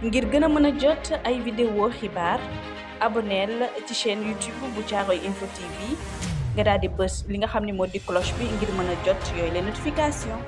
ngir gën a mën a jot ay vidéo xibaar aboneel ci chaîne YouTube bu Caaroy info TV nga daal di bës li nga xam ne moo di cloche bi ngir mën a jot yooyu leen notification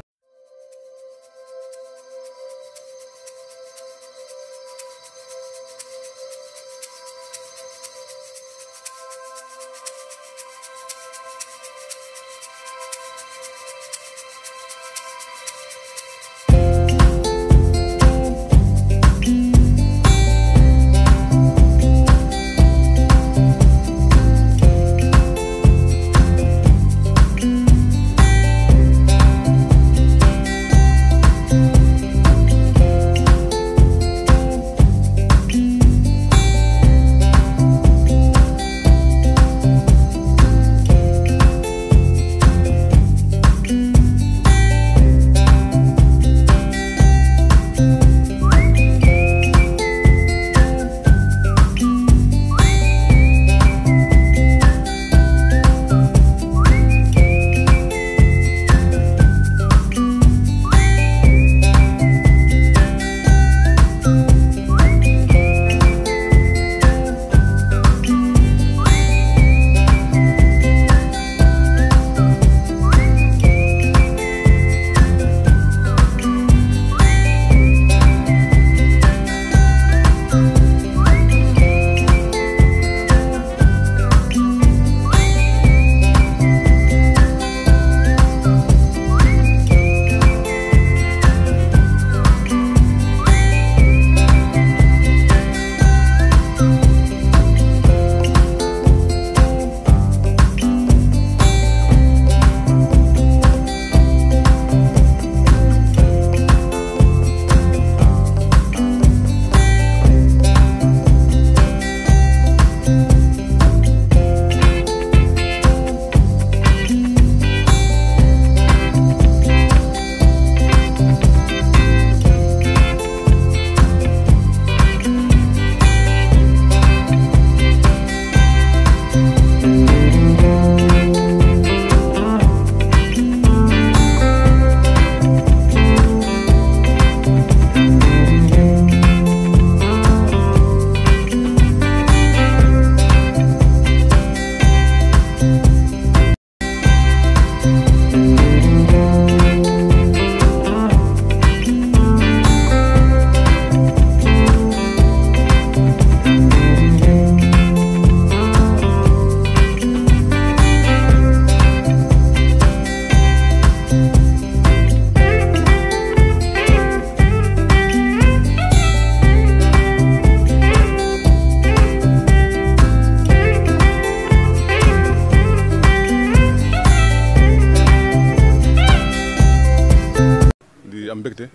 mbégte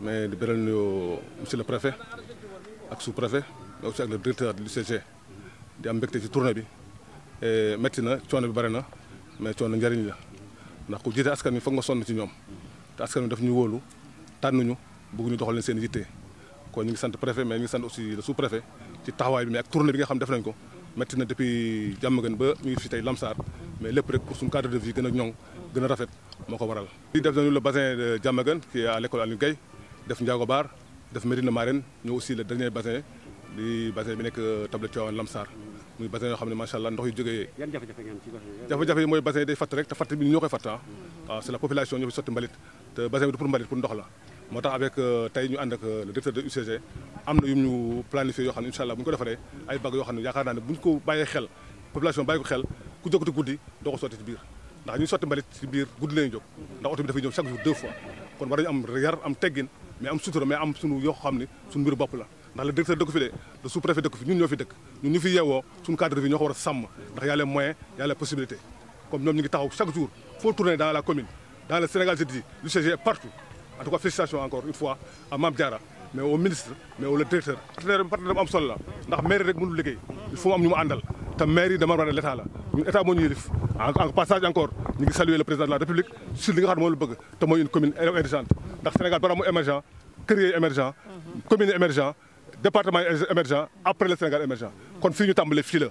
mais di beral nuyoo monsieur le préfet ak sous préfet mais aussi ak le directeur du CG di am mbégte ci tournée bi métti na coono bi bare na mais coono njariñ la ndax ku jiite askan wi foog nga sonn ci ñoom te askan wi daf ñu wóolu tànnuñu bëgg ñu doxal leen seen yitte kon ñu ngi sant préfet mais ñu ngi sant aussi le sous préfet ci taxawaay bi mais ak tournée bi nga xam def nañ ko métti na depuis jàmm gën ba mi ngi fi tey Lamsaar mais lépp rek pour suñu cadre de vie gën a ñoŋ gën rafet moo waral. di def nañu le bassin de Diamaguène qui est à l'école Aliou Guèye def Ndiago Bar def Médina Marine ñu aussi le dernier bassin di bassin bi nek euh, table Tivaouane lamsar muy bassin yo xamni machallah ndox yu jógee. yan jafé jafé ngeen ci jafe jafé jafé moy bassin yi day fatt rek te fatt bi ñoo koy fatt ah. c'est la population ñu fi sotti mbalit te bassin bi du pour mbalit pour ndox la motax avec euh, tay ñu and ak euh, le directeur de UCG am ñu planifié yo xamni inshallah buñ ko defaree ay bag yo xamni ne yaakaar naa ko bayé xel population bayiko xel ku jógati guddi doo ko soti ci biir ndax ñu soti mbalit ci biir guddi lañu jóg ndax auto bi dafay ñëw chaque jour deux fois kon war nañu am yar am teggin mais am sutura mais am suñu yo xamni ne suñu bop la ndax le directeur dëkk fi dé le sous préfet dëkk fi ñun ñoo fi dëkk ñun ñu fi yeewoo suñu cadre bi ñoko wara sam ndax yalla moyen yalla possibilité comme ñom ñi ngi taxaw chaque jour faut tourner dans la commune dans le Sénégal je dis le CG partout en tout cas félicitations encore une fois à Mam Diarra mais au ministre mais au directeur le parti de am solo la ndax mairie rek il faut que am ñu mu te mairie dama war l'État. l'état la ñun état en passage encore Nous saluons saluer le président de la république sur li nga xam ne une commune er, émergente Le Sénégal est émergent créer émergent mhm. commune émergent département émergent après le Sénégal émergent kon à ñu les filets.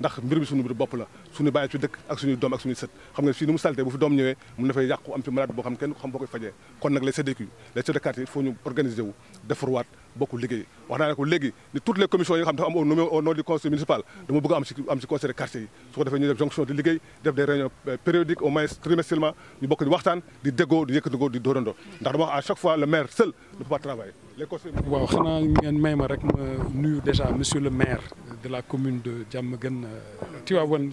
ndax mbir bi suñu mbir bopp la suñu baye ci dëkk ak suñu doom ak suñu sët xam nga fii ni mu salté bu fi doom ñëwee mu na fay yàqu am fi malade bo xam kenn xam boo koy kon nak les CDQ les chefs quartier il faut ñu organiser wu defarwaat bokkul liggéey wax naa ko léegi ni toutes les commissions yi nga am au nom du conseil municipal dama bëgg am ci am ci conseil de quartier yi su ko des ñu def jonction def des réunions euh, périodiques au moins trimestriellement ñu bokk di waxtaan di déggoo di yëkkatandoo di dorando ndax dama à chaque fois le maire seul ne peut pas travailler les conseils waaw xanaa ngeen may rek ma nuyu déjà monsieur le maire de la commune de Diamaguène euh, Tivaouane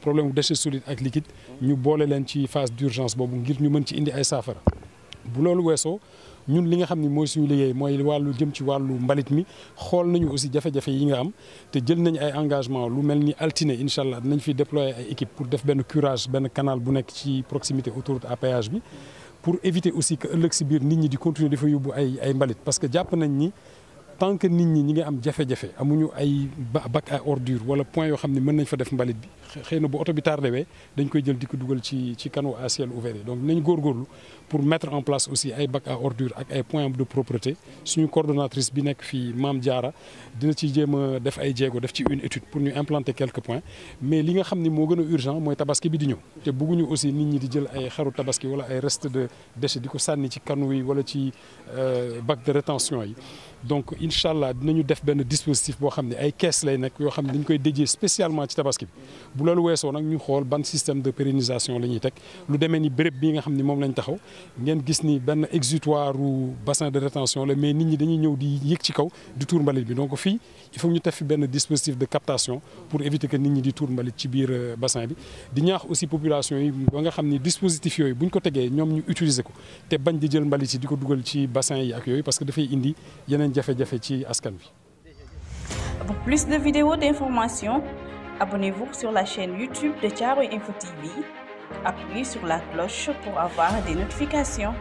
problème de déchets solides ak liquide ñu boole leen ci phase d'urgence boobu ngir ñu mën ci indi ay saafara bu loolu weesoo ñun li nga xamni moy mooy suñu liggéey mooy wàllu jëm ci walu mbalit mi xol nañu aussi jafé jafé yi nga am té jël nañ ay engagement lu melni ni inshallah incha dinañ fi déployer ay équipe pour def ben curage ben canal bu nek ci proximité autour de péage bi pour éviter aussi que ëllëg ci bir nit ñi di continuer dafa yóbbu ay ay mbalit parce que japp nañ ni tant que nit ñi ñi am amuñu ay bac à ordure wala point yo qui nous nañ des def mbalit bi bu canaux à ciel ouvert donc nañ pour mettre en place aussi à ordure ak ay points de propreté suñu coordonnatrice bi nek Mam dina une étude pour nous implanter quelques points mais li nga urgent tabaski bi di aussi nit ñi tabaski wala ay reste de déchets euh, de rétention donc incha allah dinañu def ben dispositif bo xamné ay caisse lay nekk yo xamné ne dañ koy dédié spécialement ci tabaski bu lolou weesoo nak ñu xol ban système de pérennisation la ñuy teg lu demee ni béréb bi nga xamné mom moom lañ taxaw ngeen gis ni ben exutoire ou bassin de rétention la mais nit ñi dañuy ñëw di yëg ci kaw di tuur mbalit bi donc fi il faut ñu tef fi benn dispositif de captation pour éviter que nit ñi di tuur mbalit ci biir euh, bassin bi di ñaax aussi population yi ba nga xamné dispositif yoy buñ ko téggé ñom ñu utiliser ko té bañ di jël mbalit ci diko duggal ci bassin yi ak yoy parce que da fay indi yeneen pour plus de vidéos d'informations abonnez-vous sur la chaîne YouTube de Thiaroye Info TV. Appuyez sur la cloche pour avoir des notifications.